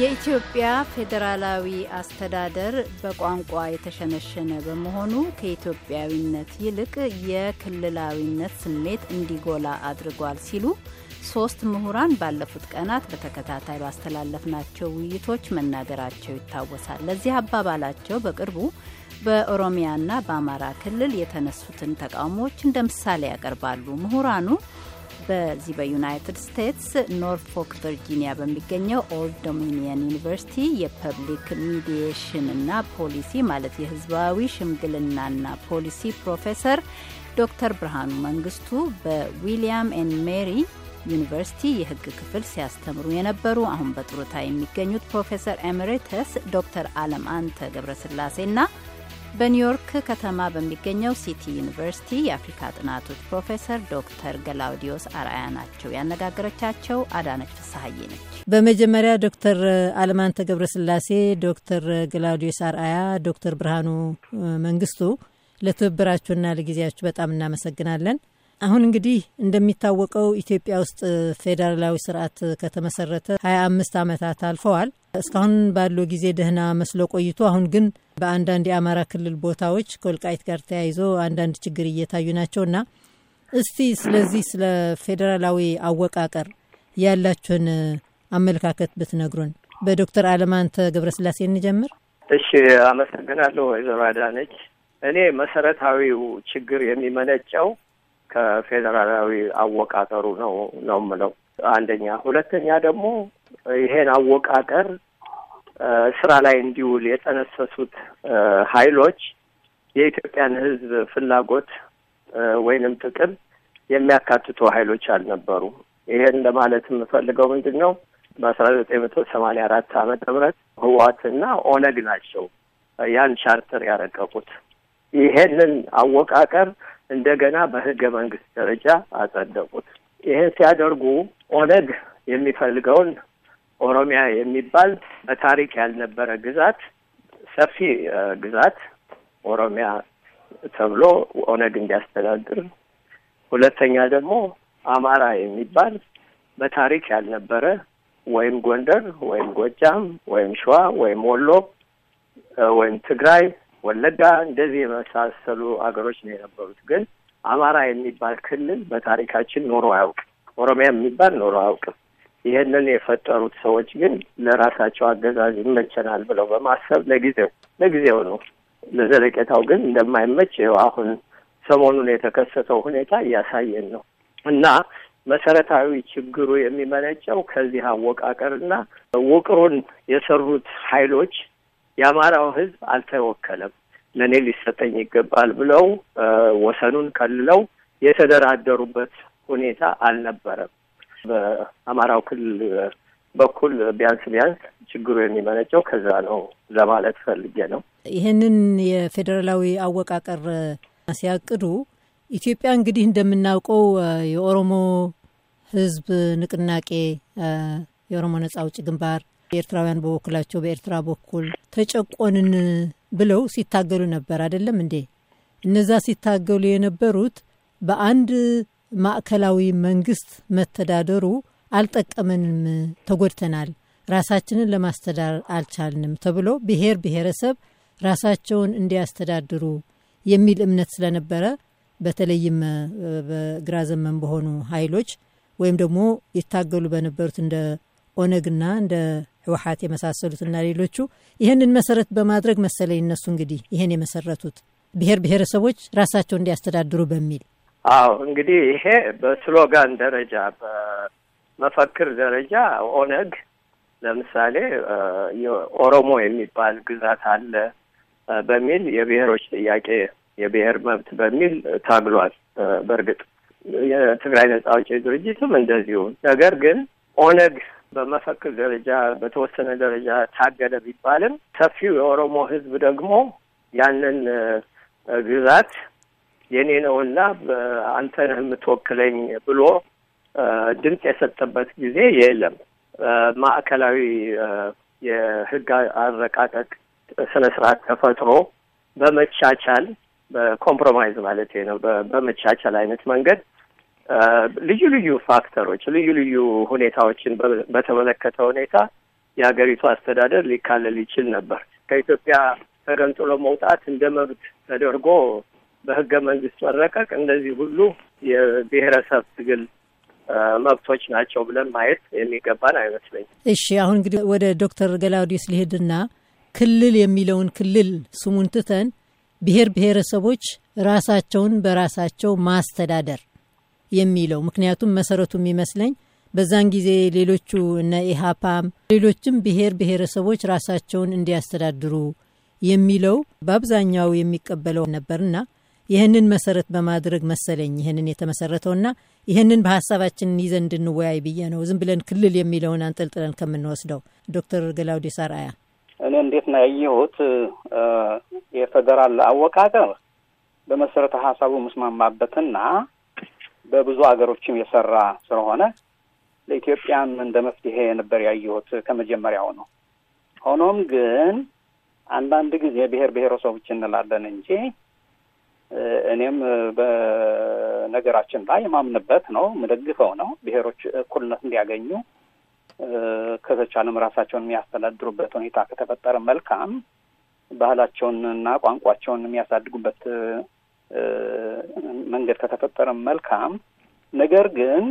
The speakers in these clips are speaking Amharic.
የኢትዮጵያ ፌዴራላዊ አስተዳደር በቋንቋ የተሸነሸነ በመሆኑ ከኢትዮጵያዊነት ይልቅ የክልላዊነት ስሜት እንዲጎላ አድርጓል ሲሉ ሶስት ምሁራን ባለፉት ቀናት በተከታታይ ባስተላለፍናቸው ውይይቶች መናገራቸው ይታወሳል። ለዚህ አባባላቸው በቅርቡ በኦሮሚያና በአማራ ክልል የተነሱትን ተቃውሞዎች እንደ ምሳሌ ያቀርባሉ ምሁራኑ በዚህ በዩናይትድ ስቴትስ ኖርፎክ ቨርጂኒያ በሚገኘው ኦልድ ዶሚኒየን ዩኒቨርሲቲ የፐብሊክ ሚዲየሽንና ፖሊሲ ማለት የሕዝባዊ ሽምግልናና ፖሊሲ ፕሮፌሰር ዶክተር ብርሃኑ መንግስቱ በዊሊያም ኤን ሜሪ ዩኒቨርሲቲ የህግ ክፍል ሲያስተምሩ የነበሩ አሁን በጡረታ የሚገኙት ፕሮፌሰር ኤምሬተስ ዶክተር አለም አንተ ገብረስላሴና በኒውዮርክ ከተማ በሚገኘው ሲቲ ዩኒቨርሲቲ የአፍሪካ ጥናቶች ፕሮፌሰር ዶክተር ገላውዲዮስ አርአያ ናቸው። ያነጋገረቻቸው አዳነች ፍስሀዬ ነች። በመጀመሪያ ዶክተር አለማንተ ገብረስላሴ፣ ዶክተር ገላውዲዮስ አርአያ፣ ዶክተር ብርሃኑ መንግስቱ ለትብብራችሁና ለጊዜያችሁ በጣም እናመሰግናለን። አሁን እንግዲህ እንደሚታወቀው ኢትዮጵያ ውስጥ ፌዴራላዊ ስርዓት ከተመሰረተ ሀያ አምስት ዓመታት አልፈዋል። እስካሁን ባለው ጊዜ ደህና መስሎ ቆይቶ አሁን ግን በአንዳንድ የአማራ ክልል ቦታዎች ከወልቃይት ጋር ተያይዞ አንዳንድ ችግር እየታዩ ናቸውና እስቲ ስለዚህ ስለ ፌዴራላዊ አወቃቀር ያላችሁን አመለካከት ብትነግሩን። በዶክተር አለማንተ ገብረስላሴ እንጀምር። እሺ፣ አመሰግናለሁ ወይዘሮ አዳነች። እኔ መሰረታዊው ችግር የሚመነጨው ከፌዴራላዊ አወቃቀሩ ነው ነው የምለው አንደኛ። ሁለተኛ ደግሞ ይሄን አወቃቀር ስራ ላይ እንዲውል የጠነሰሱት ኃይሎች የኢትዮጵያን ሕዝብ ፍላጎት ወይንም ጥቅም የሚያካትቱ ኃይሎች አልነበሩም። ይሄን ለማለት የምፈልገው ምንድን ነው በአስራ ዘጠኝ መቶ ሰማንያ አራት ዓመተ ምህረት ህወሓትና ኦነግ ናቸው ያን ቻርተር ያረቀቁት። ይሄንን አወቃቀር እንደገና በህገ መንግስት ደረጃ አጸደቁት። ይህን ሲያደርጉ ኦነግ የሚፈልገውን ኦሮሚያ የሚባል በታሪክ ያልነበረ ግዛት፣ ሰፊ ግዛት ኦሮሚያ ተብሎ ኦነግ እንዲያስተዳድር፣ ሁለተኛ ደግሞ አማራ የሚባል በታሪክ ያልነበረ ወይም ጎንደር ወይም ጎጃም ወይም ሸዋ ወይም ወሎ ወይም ትግራይ ወለጋ እንደዚህ የመሳሰሉ ሀገሮች ነው የነበሩት። ግን አማራ የሚባል ክልል በታሪካችን ኖሮ አያውቅም። ኦሮሚያ የሚባል ኖሮ አያውቅም። ይህንን የፈጠሩት ሰዎች ግን ለራሳቸው አገዛዝ ይመቸናል ብለው በማሰብ ለጊዜው ለጊዜው ነው፣ ለዘለቄታው ግን እንደማይመች ይኸው አሁን ሰሞኑን የተከሰተው ሁኔታ እያሳየን ነው እና መሰረታዊ ችግሩ የሚመነጨው ከዚህ አወቃቀርና ውቅሩን የሰሩት ኃይሎች የአማራው ህዝብ አልተወከለም፣ ለእኔ ሊሰጠኝ ይገባል ብለው ወሰኑን ከልለው የተደራደሩበት ሁኔታ አልነበረም። በአማራው ክልል በኩል ቢያንስ ቢያንስ ችግሩ የሚመነጨው ከዛ ነው ለማለት ፈልጌ ነው። ይህንን የፌዴራላዊ አወቃቀር ሲያቅዱ ኢትዮጵያ እንግዲህ እንደምናውቀው የኦሮሞ ህዝብ ንቅናቄ፣ የኦሮሞ ነጻ ውጭ ግንባር ኤርትራውያን በበኩላቸው በኤርትራ በኩል ተጨቆንን ብለው ሲታገሉ ነበር አይደለም እንዴ? እነዛ ሲታገሉ የነበሩት በአንድ ማዕከላዊ መንግስት መተዳደሩ አልጠቀመንም፣ ተጎድተናል፣ ራሳችንን ለማስተዳደር አልቻልንም ተብሎ ብሔር ብሔረሰብ ራሳቸውን እንዲያስተዳድሩ የሚል እምነት ስለነበረ በተለይም በግራ ዘመን በሆኑ ኃይሎች ወይም ደግሞ ይታገሉ በነበሩት እንደ ኦነግና እንደ ህወሓት የመሳሰሉትና ሌሎቹ ይህንን መሰረት በማድረግ መሰለኝ እነሱ እንግዲህ ይህን የመሰረቱት ብሔር ብሔረሰቦች ራሳቸው እንዲያስተዳድሩ በሚል አዎ እንግዲህ ይሄ በስሎጋን ደረጃ በመፈክር ደረጃ ኦነግ ለምሳሌ ኦሮሞ የሚባል ግዛት አለ በሚል የብሔሮች ጥያቄ የብሔር መብት በሚል ታግሏል። በእርግጥ የትግራይ ነጻ አውጪ ድርጅትም እንደዚሁ። ነገር ግን ኦነግ በመፈክር ደረጃ በተወሰነ ደረጃ ታገደ ቢባልም ሰፊው የኦሮሞ ህዝብ ደግሞ ያንን ግዛት የኔ ነውና አንተ ነህ የምትወክለኝ ብሎ ድምፅ የሰጠበት ጊዜ የለም። ማዕከላዊ የህግ አረቃቀቅ ስነ ስርዓት ተፈጥሮ በመቻቻል በኮምፕሮማይዝ ማለት ነው። በመቻቻል አይነት መንገድ ልዩ ልዩ ፋክተሮች፣ ልዩ ልዩ ሁኔታዎችን በተመለከተ ሁኔታ የሀገሪቱ አስተዳደር ሊካለል ይችል ነበር። ከኢትዮጵያ ተገንጥሎ መውጣት እንደ መብት ተደርጎ በህገ መንግስት መረቀቅ፣ እነዚህ ሁሉ የብሔረሰብ ትግል መብቶች ናቸው ብለን ማየት የሚገባን አይመስለኝም። እሺ፣ አሁን እንግዲህ ወደ ዶክተር ገላውዲስ ሊሄድና ክልል የሚለውን ክልል ስሙን ትተን ብሔር ብሔረሰቦች ራሳቸውን በራሳቸው ማስተዳደር የሚለው ምክንያቱም መሰረቱ የሚመስለኝ በዛን ጊዜ ሌሎቹ እነ ኢሃፓም ሌሎችም ብሔር ብሔረሰቦች ራሳቸውን እንዲያስተዳድሩ የሚለው በአብዛኛው የሚቀበለው ነበርና ይህንን መሰረት በማድረግ መሰለኝ ይህንን የተመሰረተውና ይህንን በሀሳባችን ይዘን እንድንወያይ ብዬ ነው። ዝም ብለን ክልል የሚለውን አንጠልጥለን ከምንወስደው። ዶክተር ገላውዴ ሳርአያ፣ እኔ እንዴት ነው ያየሁት የፌደራል አወቃቀር በመሰረተ ሀሳቡ ምስማማበትና በብዙ ሀገሮችም የሰራ ስለሆነ ለኢትዮጵያም እንደ መፍትሄ ነበር ያየሁት ከመጀመሪያው ነው። ሆኖም ግን አንዳንድ ጊዜ ብሔር ብሔረሰቦች እንላለን እንጂ እኔም በነገራችን ላይ የማምንበት ነው የምደግፈው ነው። ብሔሮች እኩልነት እንዲያገኙ ከተቻለም ራሳቸውን የሚያስተዳድሩበት ሁኔታ ከተፈጠረ መልካም፣ ባህላቸውንና ቋንቋቸውን የሚያሳድጉበት መንገድ ከተፈጠረ መልካም። ነገር ግን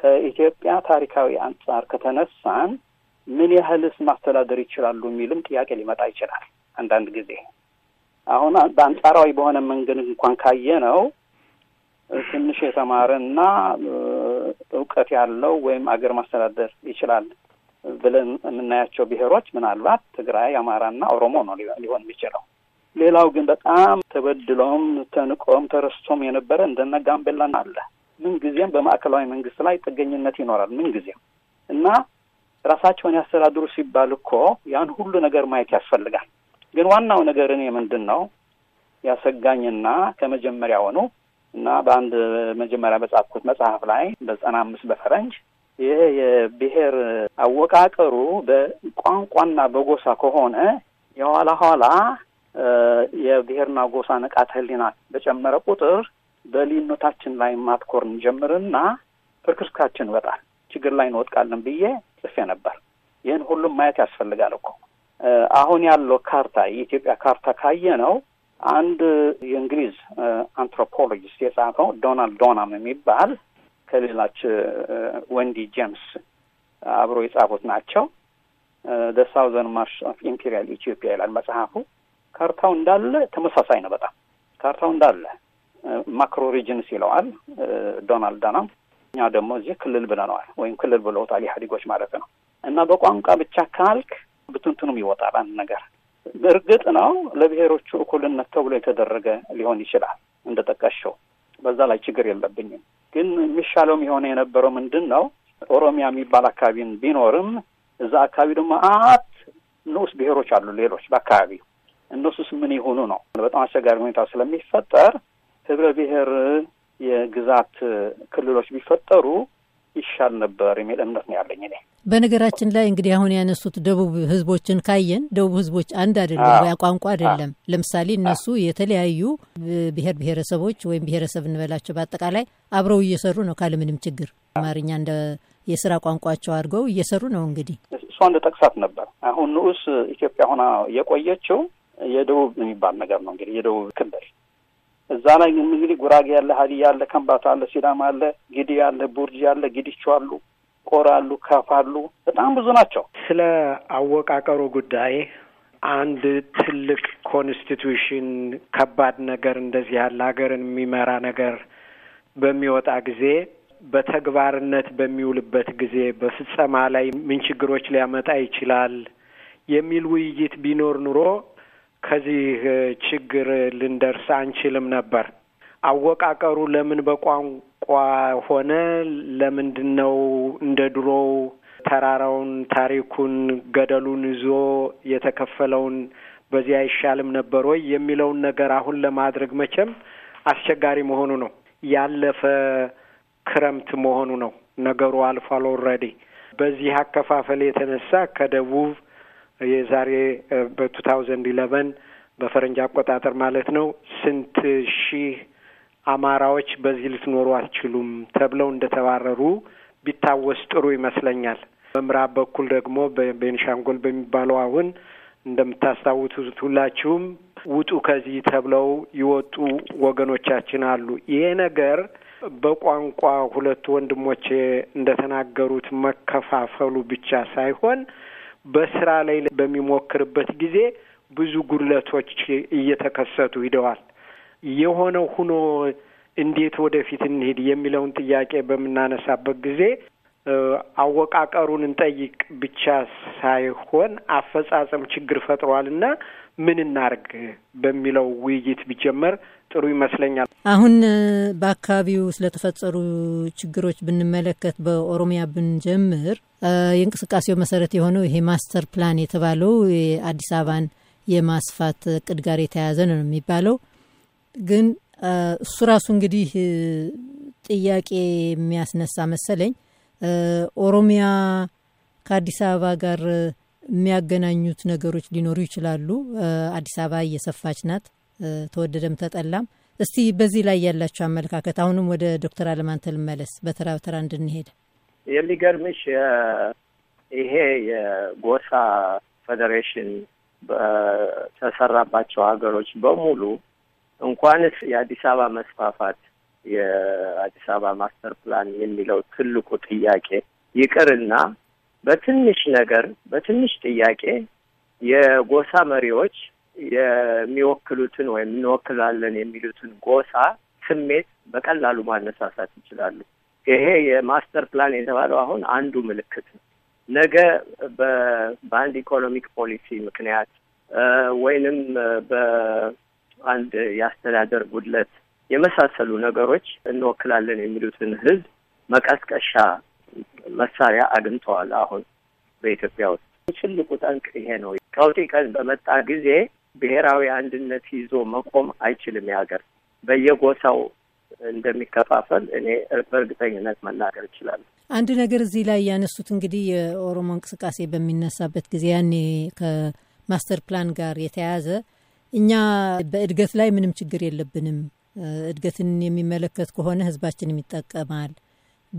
ከኢትዮጵያ ታሪካዊ አንጻር ከተነሳን ምን ያህልስ ማስተዳደር ይችላሉ የሚልም ጥያቄ ሊመጣ ይችላል። አንዳንድ ጊዜ አሁን በአንጻራዊ በሆነ መንገድ እንኳን ካየ ነው ትንሽ የተማረና እውቀት ያለው ወይም አገር ማስተዳደር ይችላል ብለን የምናያቸው ብሔሮች ምናልባት ትግራይ፣ አማራና ኦሮሞ ነው ሊሆን የሚችለው። ሌላው ግን በጣም ተበድሎም ተንቆም ተረስቶም የነበረ እንደነ ጋምቤላን አለ። ምንጊዜም በማዕከላዊ መንግስት ላይ ጥገኝነት ይኖራል ምንጊዜም እና ራሳቸውን ያስተዳድሩ ሲባል እኮ ያን ሁሉ ነገር ማየት ያስፈልጋል። ግን ዋናው ነገር እኔ ምንድን ነው ያሰጋኝና ሆኖ እና በአንድ መጀመሪያ በጻፍኩት መጽሐፍ ላይ በዘጠና አምስት በፈረንጅ ይህ የብሔር አወቃቀሩ በቋንቋና በጎሳ ከሆነ የኋላ ኋላ የብሔርና ጎሳ ንቃተ ሕሊናት በጨመረ ቁጥር በልዩነታችን ላይ ማትኮር እንጀምርና ፍርክስካችን ይወጣል፣ ችግር ላይ እንወጥቃለን ብዬ ጽፌ ነበር። ይህን ሁሉም ማየት ያስፈልጋል እኮ አሁን ያለው ካርታ የኢትዮጵያ ካርታ ካየ ነው። አንድ የእንግሊዝ አንትሮፖሎጂስት የጻፈው ዶናልድ ዶናም የሚባል ከሌላች ወንዲ ጄምስ አብሮ የጻፉት ናቸው። ደ ማርሽ ኦፍ ኢምፔሪያል ኢትዮጵያ ይላል መጽሐፉ። ካርታው እንዳለ ተመሳሳይ ነው። በጣም ካርታው እንዳለ ማክሮ ሪጅንስ ይለዋል ዶናልድ እኛ ደግሞ እዚህ ክልል ብለነዋል፣ ወይም ክልል ብለውታል ኢህአዴጎች ማለት ነው። እና በቋንቋ ብቻ ካልክ ብትንትኑም ይወጣል አንድ ነገር። እርግጥ ነው ለብሔሮቹ እኩልነት ተብሎ የተደረገ ሊሆን ይችላል እንደ ጠቀሽው፣ በዛ ላይ ችግር የለብኝም። ግን የሚሻለውም የሆነ የነበረው ምንድን ነው ኦሮሚያ የሚባል አካባቢን ቢኖርም እዛ አካባቢ ደግሞ አት ንዑስ ብሔሮች አሉ ሌሎች በአካባቢው እነሱስ ምን የሆኑ ነው? በጣም አስቸጋሪ ሁኔታ ስለሚፈጠር ህብረ ብሔር የግዛት ክልሎች ቢፈጠሩ ይሻል ነበር የሚል እምነት ነው ያለኝ እኔ። በነገራችን ላይ እንግዲህ አሁን ያነሱት ደቡብ ህዝቦችን ካየን ደቡብ ህዝቦች አንድ አይደለም፣ ወይ ቋንቋ አይደለም። ለምሳሌ እነሱ የተለያዩ ብሔር ብሔረሰቦች ወይም ብሔረሰብ እንበላቸው በአጠቃላይ አብረው እየሰሩ ነው ካለምንም ችግር አማርኛ እንደ የስራ ቋንቋቸው አድርገው እየሰሩ ነው። እንግዲህ እሷ እንደ ጠቅሳት ነበር አሁን ንዑስ ኢትዮጵያ ሆና የቆየችው የደቡብ የሚባል ነገር ነው እንግዲህ የደቡብ ክልል እዛ ላይ እንግዲህ ጉራጌ አለ፣ ሀዲያ አለ፣ ከምባታ አለ፣ ሲዳማ አለ፣ ጊዲ አለ፣ ቡርጂ አለ፣ ጊዲቹ አሉ፣ ቆራ አሉ፣ ከፍ አሉ። በጣም ብዙ ናቸው። ስለ አወቃቀሩ ጉዳይ አንድ ትልቅ ኮንስቲቱሽን ከባድ ነገር እንደዚህ ያለ ሀገርን የሚመራ ነገር በሚወጣ ጊዜ በተግባርነት በሚውልበት ጊዜ በፍጸማ ላይ ምን ችግሮች ሊያመጣ ይችላል የሚል ውይይት ቢኖር ኑሮ ከዚህ ችግር ልንደርስ አንችልም ነበር። አወቃቀሩ ለምን በቋንቋ ሆነ? ለምንድን ነው እንደ ድሮው ተራራውን፣ ታሪኩን፣ ገደሉን ይዞ የተከፈለውን በዚህ አይሻልም ነበር ወይ የሚለውን ነገር አሁን ለማድረግ መቼም አስቸጋሪ መሆኑ ነው። ያለፈ ክረምት መሆኑ ነው ነገሩ አልፏል ኦልሬዲ። በዚህ አከፋፈል የተነሳ ከደቡብ የዛሬ በቱ ታውዘንድ ኢለቨን በፈረንጅ አቆጣጠር ማለት ነው ስንት ሺህ አማራዎች በዚህ ልትኖሩ አትችሉም ተብለው እንደተባረሩ ቢታወስ ጥሩ ይመስለኛል። በምዕራብ በኩል ደግሞ በቤንሻንጎል በሚባለው አሁን እንደምታስታውቱት ሁላችሁም ውጡ ከዚህ ተብለው ይወጡ ወገኖቻችን አሉ። ይሄ ነገር በቋንቋ ሁለቱ ወንድሞቼ እንደተናገሩት መከፋፈሉ ብቻ ሳይሆን በስራ ላይ በሚሞክርበት ጊዜ ብዙ ጉድለቶች እየተከሰቱ ሂደዋል። የሆነው ሁኖ እንዴት ወደፊት እንሄድ የሚለውን ጥያቄ በምናነሳበት ጊዜ አወቃቀሩን እንጠይቅ ብቻ ሳይሆን አፈጻጸም ችግር ፈጥሯልና ምን እናርግ በሚለው ውይይት ቢጀመር ጥሩ ይመስለኛል። አሁን በአካባቢው ስለተፈጸሩ ችግሮች ብንመለከት በኦሮሚያ ብንጀምር የእንቅስቃሴው መሰረት የሆነው ይሄ ማስተር ፕላን የተባለው የአዲስ አበባን የማስፋት እቅድ ጋር የተያያዘ ነው የሚባለው ግን እሱ ራሱ እንግዲህ ጥያቄ የሚያስነሳ መሰለኝ። ኦሮሚያ ከአዲስ አበባ ጋር የሚያገናኙት ነገሮች ሊኖሩ ይችላሉ። አዲስ አበባ እየሰፋች ናት፣ ተወደደም ተጠላም። እስቲ በዚህ ላይ ያላቸው አመለካከት። አሁንም ወደ ዶክተር አለማንተ ልመለስ፣ በተራ በተራ እንድንሄድ። የሚገርምሽ ይሄ የጎሳ ፌዴሬሽን በተሰራባቸው ሀገሮች በሙሉ እንኳንስ የአዲስ አበባ መስፋፋት የአዲስ አበባ ማስተር ፕላን የሚለው ትልቁ ጥያቄ ይቅርና በትንሽ ነገር በትንሽ ጥያቄ የጎሳ መሪዎች የሚወክሉትን ወይም እንወክላለን የሚሉትን ጎሳ ስሜት በቀላሉ ማነሳሳት ይችላሉ። ይሄ የማስተር ፕላን የተባለው አሁን አንዱ ምልክት ነው። ነገ በአንድ ኢኮኖሚክ ፖሊሲ ምክንያት ወይንም በአንድ የአስተዳደር ጉድለት የመሳሰሉ ነገሮች እንወክላለን የሚሉትን ህዝብ መቀስቀሻ መሳሪያ አግኝተዋል። አሁን በኢትዮጵያ ውስጥ ትልቁ ጠንቅ ይሄ ነው። ቀውጢ ቀን በመጣ ጊዜ ብሔራዊ አንድነት ይዞ መቆም አይችልም። ያገር በየጎሳው እንደሚከፋፈል እኔ በእርግጠኝነት መናገር ይችላል። አንድ ነገር እዚህ ላይ ያነሱት እንግዲህ የኦሮሞ እንቅስቃሴ በሚነሳበት ጊዜ ያኔ ከማስተር ፕላን ጋር የተያያዘ እኛ በእድገት ላይ ምንም ችግር የለብንም፣ እድገትን የሚመለከት ከሆነ ህዝባችንም ይጠቀማል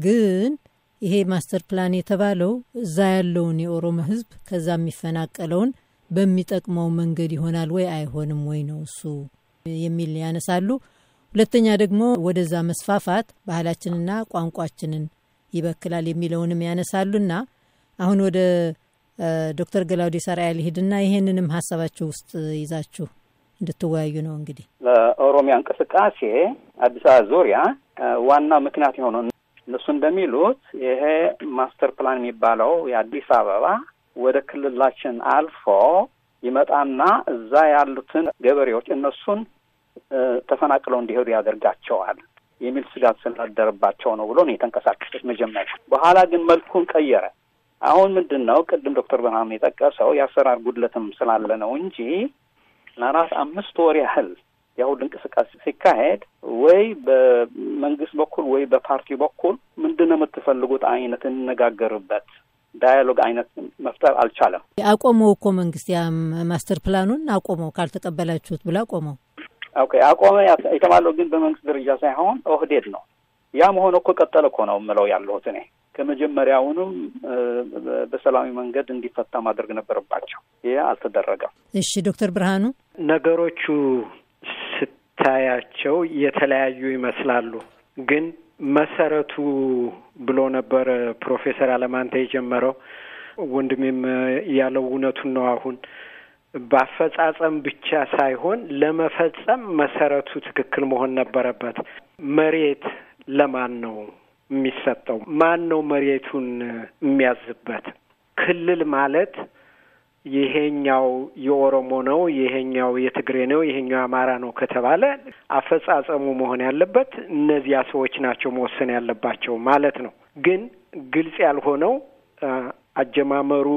ግን ይሄ ማስተር ፕላን የተባለው እዛ ያለውን የኦሮሞ ህዝብ ከዛ የሚፈናቀለውን በሚጠቅመው መንገድ ይሆናል ወይ አይሆንም ወይ ነው እሱ የሚል ያነሳሉ። ሁለተኛ ደግሞ ወደዛ መስፋፋት ባህላችንና ቋንቋችንን ይበክላል የሚለውንም ያነሳሉና አሁን ወደ ዶክተር ገላውዴ ሰራያ ልሂድና ይሄንንም ሀሳባችሁ ውስጥ ይዛችሁ እንድትወያዩ ነው። እንግዲህ ለኦሮሚያ እንቅስቃሴ አዲስ አበባ ዙሪያ ዋናው ምክንያት የሆነው እነሱ እንደሚሉት ይሄ ማስተር ፕላን የሚባለው የአዲስ አበባ ወደ ክልላችን አልፎ ይመጣና እዛ ያሉትን ገበሬዎች እነሱን ተፈናቅለው እንዲሄዱ ያደርጋቸዋል የሚል ስጋት ስላደረባቸው ነው ብሎ ነው የተንቀሳቀሱት መጀመሪያ። በኋላ ግን መልኩን ቀየረ። አሁን ምንድን ነው ቅድም ዶክተር ብርሃኑ የጠቀሰው የአሰራር ጉድለትም ስላለ ነው እንጂ ለአራት አምስት ወር ያህል ያ ሁሉ እንቅስቃሴ ሲካሄድ ወይ በመንግስት በኩል ወይ በፓርቲ በኩል ምንድን ነው የምትፈልጉት አይነት እንነጋገርበት ዳያሎግ አይነት መፍጠር አልቻለም። አቆመው እኮ መንግስት ያ ማስተር ፕላኑን አቆመው፣ ካልተቀበላችሁት ብሎ አቆመው። ኦኬ አቆመ የተባለው ግን በመንግስት ደረጃ ሳይሆን ኦህዴድ ነው። ያ መሆን እኮ ቀጠለ እኮ ነው የምለው ያለሁት እኔ ከመጀመሪያውንም በሰላማዊ መንገድ እንዲፈታ ማድረግ ነበረባቸው። ይህ አልተደረገም። እሺ ዶክተር ብርሃኑ ነገሮቹ ስታያቸው የተለያዩ ይመስላሉ ግን መሰረቱ ብሎ ነበር ፕሮፌሰር አለማንተ የጀመረው። ወንድሜም ያለው እውነቱን ነው። አሁን በአፈጻጸም ብቻ ሳይሆን ለመፈጸም መሰረቱ ትክክል መሆን ነበረበት። መሬት ለማን ነው የሚሰጠው? ማን ነው መሬቱን የሚያዝበት? ክልል ማለት ይሄኛው የኦሮሞ ነው፣ ይሄኛው የትግሬ ነው፣ ይሄኛው የአማራ ነው ከተባለ አፈጻጸሙ መሆን ያለበት እነዚያ ሰዎች ናቸው መወሰን ያለባቸው ማለት ነው። ግን ግልጽ ያልሆነው አጀማመሩ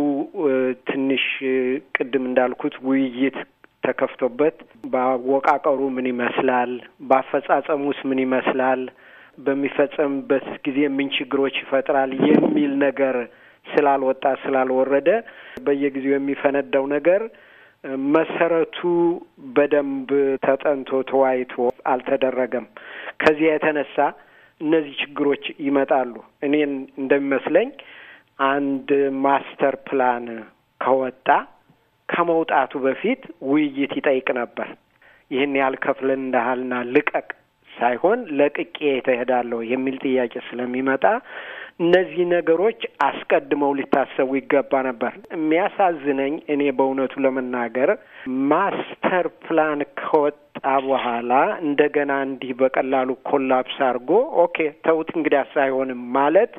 ትንሽ ቅድም እንዳልኩት ውይይት ተከፍቶበት በአወቃቀሩ ምን ይመስላል፣ በአፈጻጸሙስ ምን ይመስላል፣ በሚፈጸምበት ጊዜ ምን ችግሮች ይፈጥራል የሚል ነገር ስላልወጣ ስላልወረደ በየጊዜው የሚፈነዳው ነገር መሰረቱ በደንብ ተጠንቶ ተዋይቶ አልተደረገም። ከዚያ የተነሳ እነዚህ ችግሮች ይመጣሉ። እኔን እንደሚመስለኝ አንድ ማስተር ፕላን ከወጣ ከመውጣቱ በፊት ውይይት ይጠይቅ ነበር። ይህን ያህል ከፍለን እንዳህልና ልቀቅ ሳይሆን ለቅቄ እሄዳለሁ የሚል ጥያቄ ስለሚመጣ እነዚህ ነገሮች አስቀድመው ሊታሰቡ ይገባ ነበር። የሚያሳዝነኝ እኔ በእውነቱ ለመናገር ማስተር ፕላን ከወጣ በኋላ እንደገና እንዲህ በቀላሉ ኮላፕስ አድርጎ ኦኬ ተውት እንግዲያስ አይሆንም ማለት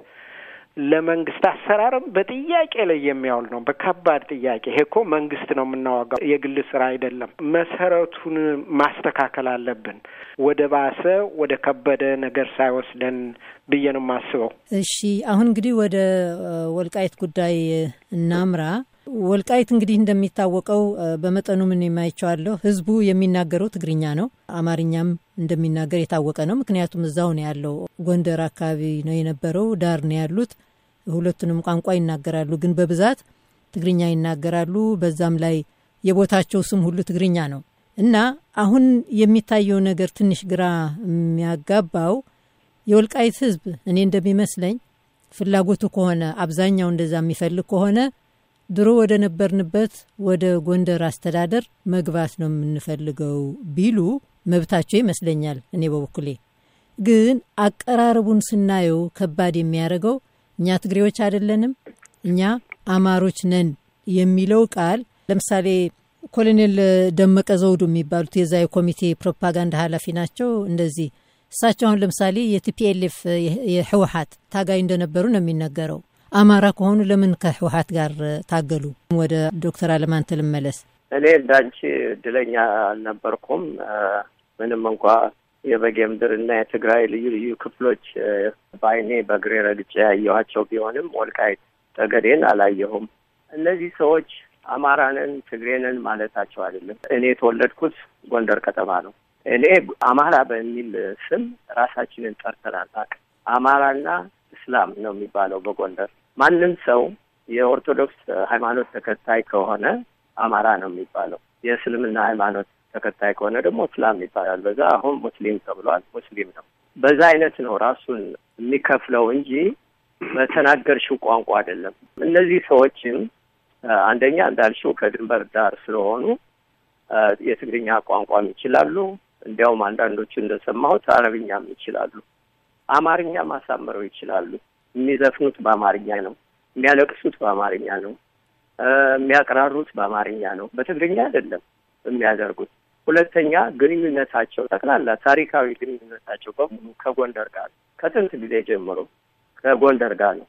ለመንግስት አሰራርም በጥያቄ ላይ የሚያውል ነው። በከባድ ጥያቄ ይሄ እኮ መንግስት ነው የምናዋጋው፣ የግል ስራ አይደለም። መሰረቱን ማስተካከል አለብን። ወደ ባሰ ወደ ከበደ ነገር ሳይወስደን ብዬ ነው የማስበው። እሺ፣ አሁን እንግዲህ ወደ ወልቃይት ጉዳይ እናምራ። ወልቃይት እንግዲህ እንደሚታወቀው በመጠኑ ምን የማይቸዋለሁ ህዝቡ የሚናገረው ትግርኛ ነው። አማርኛም እንደሚናገር የታወቀ ነው። ምክንያቱም እዛው ነው ያለው። ጎንደር አካባቢ ነው የነበረው፣ ዳር ነው ያሉት። ሁለቱንም ቋንቋ ይናገራሉ፣ ግን በብዛት ትግርኛ ይናገራሉ። በዛም ላይ የቦታቸው ስም ሁሉ ትግርኛ ነው እና አሁን የሚታየው ነገር ትንሽ ግራ የሚያጋባው የወልቃይት ህዝብ እኔ እንደሚመስለኝ ፍላጎቱ ከሆነ አብዛኛው እንደዛ የሚፈልግ ከሆነ ድሮ ወደ ነበርንበት ወደ ጎንደር አስተዳደር መግባት ነው የምንፈልገው ቢሉ መብታቸው ይመስለኛል። እኔ በበኩሌ ግን አቀራረቡን ስናየው ከባድ የሚያደርገው እኛ ትግሬዎች አይደለንም፣ እኛ አማሮች ነን የሚለው ቃል ለምሳሌ ኮሎኔል ደመቀ ዘውዱ የሚባሉት የዛ የኮሚቴ ፕሮፓጋንዳ ኃላፊ ናቸው። እንደዚህ እሳቸው አሁን ለምሳሌ የቲፒኤልኤፍ የህወሀት ታጋይ እንደነበሩ ነው የሚነገረው። አማራ ከሆኑ ለምን ከህወሀት ጋር ታገሉ? ወደ ዶክተር አለማንተ ልመለስ። እኔ እንዳንቺ እድለኛ አልነበርኩም። ምንም እንኳ የበጌምድር እና የትግራይ ልዩ ልዩ ክፍሎች በአይኔ በእግሬ ረግጬ ያየኋቸው ቢሆንም ወልቃይት ጠገዴን አላየሁም። እነዚህ ሰዎች አማራንን ትግሬንን ማለታቸው አይደለም። እኔ የተወለድኩት ጎንደር ከተማ ነው። እኔ አማራ በሚል ስም ራሳችንን ጠርተን አናውቅም። አማራና እስላም ነው የሚባለው በጎንደር ማንም ሰው የኦርቶዶክስ ሃይማኖት ተከታይ ከሆነ አማራ ነው የሚባለው። የእስልምና ሃይማኖት ተከታይ ከሆነ ደግሞ እስላም ይባላል። በዛ አሁን ሙስሊም ተብሏል። ሙስሊም ነው። በዛ አይነት ነው ራሱን የሚከፍለው እንጂ በተናገርሽው ቋንቋ አይደለም። እነዚህ ሰዎችም አንደኛ እንዳልሽው ከድንበር ዳር ስለሆኑ የትግርኛ ቋንቋም ይችላሉ። እንዲያውም አንዳንዶቹ እንደሰማሁት አረብኛም ይችላሉ። አማርኛ አሳምረው ይችላሉ። የሚዘፍኑት በአማርኛ ነው። የሚያለቅሱት በአማርኛ ነው። የሚያቀራሩት በአማርኛ ነው። በትግርኛ አይደለም የሚያደርጉት። ሁለተኛ ግንኙነታቸው ጠቅላላ ታሪካዊ ግንኙነታቸው በሙሉ ከጎንደር ጋር ከጥንት ጊዜ ጀምሮ ከጎንደር ጋር ነው።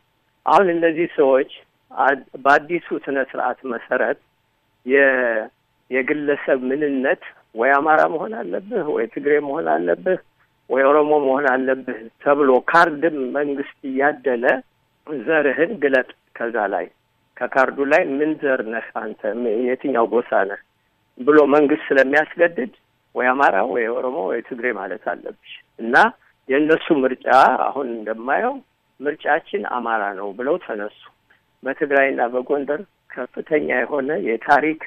አሁን እነዚህ ሰዎች በአዲሱ ስነ ስርዓት መሰረት የግለሰብ ምንነት ወይ አማራ መሆን አለብህ ወይ ትግሬ መሆን አለብህ ወይ ኦሮሞ መሆን አለብህ ተብሎ ካርድም መንግስት እያደለ ዘርህን ግለጥ ከዛ ላይ ከካርዱ ላይ ምን ዘር ነህ አንተ፣ የትኛው ጎሳ ነህ ብሎ መንግስት ስለሚያስገድድ ወይ አማራ ወይ ኦሮሞ ወይ ትግሬ ማለት አለብሽ እና የእነሱ ምርጫ አሁን እንደማየው ምርጫችን አማራ ነው ብለው ተነሱ። በትግራይና በጎንደር ከፍተኛ የሆነ የታሪክ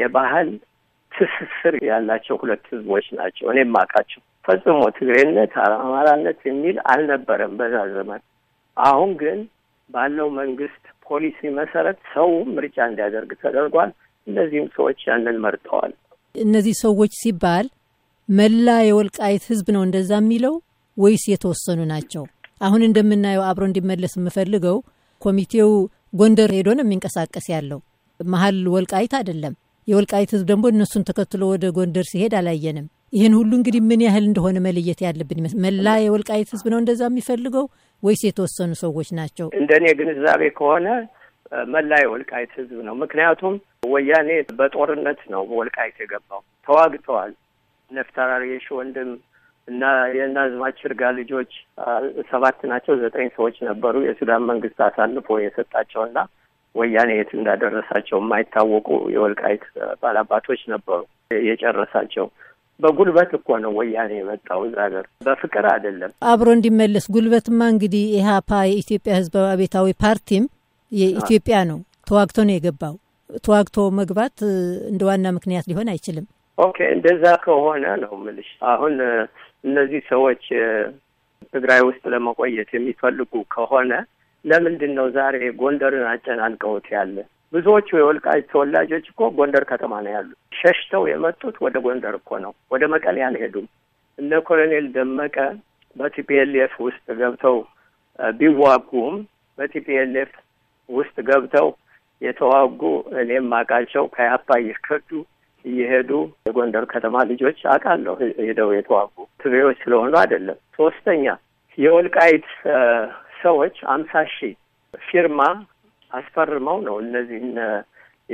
የባህል ትስስር ያላቸው ሁለት ህዝቦች ናቸው። እኔ ማቃቸው ፈጽሞ ትግሬነት፣ አማራነት የሚል አልነበረም በዛ ዘመን። አሁን ግን ባለው መንግስት ፖሊሲ መሰረት ሰው ምርጫ እንዲያደርግ ተደርጓል። እነዚህም ሰዎች ያንን መርጠዋል። እነዚህ ሰዎች ሲባል መላ የወልቃይት ህዝብ ነው እንደዛ የሚለው ወይስ የተወሰኑ ናቸው? አሁን እንደምናየው አብሮ እንዲመለስ የምፈልገው ኮሚቴው ጎንደር ሄዶ ነው የሚንቀሳቀስ ያለው መሀል ወልቃይት አይደለም። የወልቃይት ህዝብ ደግሞ እነሱን ተከትሎ ወደ ጎንደር ሲሄድ አላየንም። ይህን ሁሉ እንግዲህ ምን ያህል እንደሆነ መለየት ያለብን ይመስል መላ የወልቃይት ህዝብ ነው እንደዛ የሚፈልገው ወይስ የተወሰኑ ሰዎች ናቸው? እንደ እኔ ግንዛቤ ከሆነ መላ የወልቃይት ህዝብ ነው። ምክንያቱም ወያኔ በጦርነት ነው ወልቃይት የገባው። ተዋግተዋል። ነፍታራሪ የሺ ወንድም እና የናዝማች ሽርጋ ልጆች ሰባት ናቸው። ዘጠኝ ሰዎች ነበሩ የሱዳን መንግስት አሳልፎ የሰጣቸውና ወያኔ የት እንዳደረሳቸው የማይታወቁ የወልቃይት ባላባቶች ነበሩ የጨረሳቸው። በጉልበት እኮ ነው ወያኔ የመጣው እዛ ሀገር፣ በፍቅር አይደለም። አብሮ እንዲመለስ ጉልበትማ እንግዲህ ኢህአፓ የኢትዮጵያ ህዝባዊ አቤታዊ ፓርቲም የኢትዮጵያ ነው፣ ተዋግቶ ነው የገባው ተዋግቶ መግባት እንደ ዋና ምክንያት ሊሆን አይችልም። ኦኬ፣ እንደዛ ከሆነ ነው ምልሽ። አሁን እነዚህ ሰዎች ትግራይ ውስጥ ለመቆየት የሚፈልጉ ከሆነ ለምንድን ነው ዛሬ ጎንደርን አጨናንቀውት ያለ? ብዙዎቹ የወልቃይት ተወላጆች እኮ ጎንደር ከተማ ነው ያሉ ሸሽተው የመጡት ወደ ጎንደር እኮ ነው፣ ወደ መቀሌ አልሄዱም። እነ ኮሎኔል ደመቀ በቲፒኤልኤፍ ውስጥ ገብተው ቢዋጉም በቲፒኤልኤፍ ውስጥ ገብተው የተዋጉ እኔም አውቃቸው ከያፓ እየከዱ እየሄዱ የጎንደር ከተማ ልጆች አውቃለሁ ሄደው የተዋጉ ትግሬዎች ስለሆኑ አይደለም። ሶስተኛ የወልቃይት ሰዎች አምሳ ሺህ ፊርማ አስፈርመው ነው እነዚህን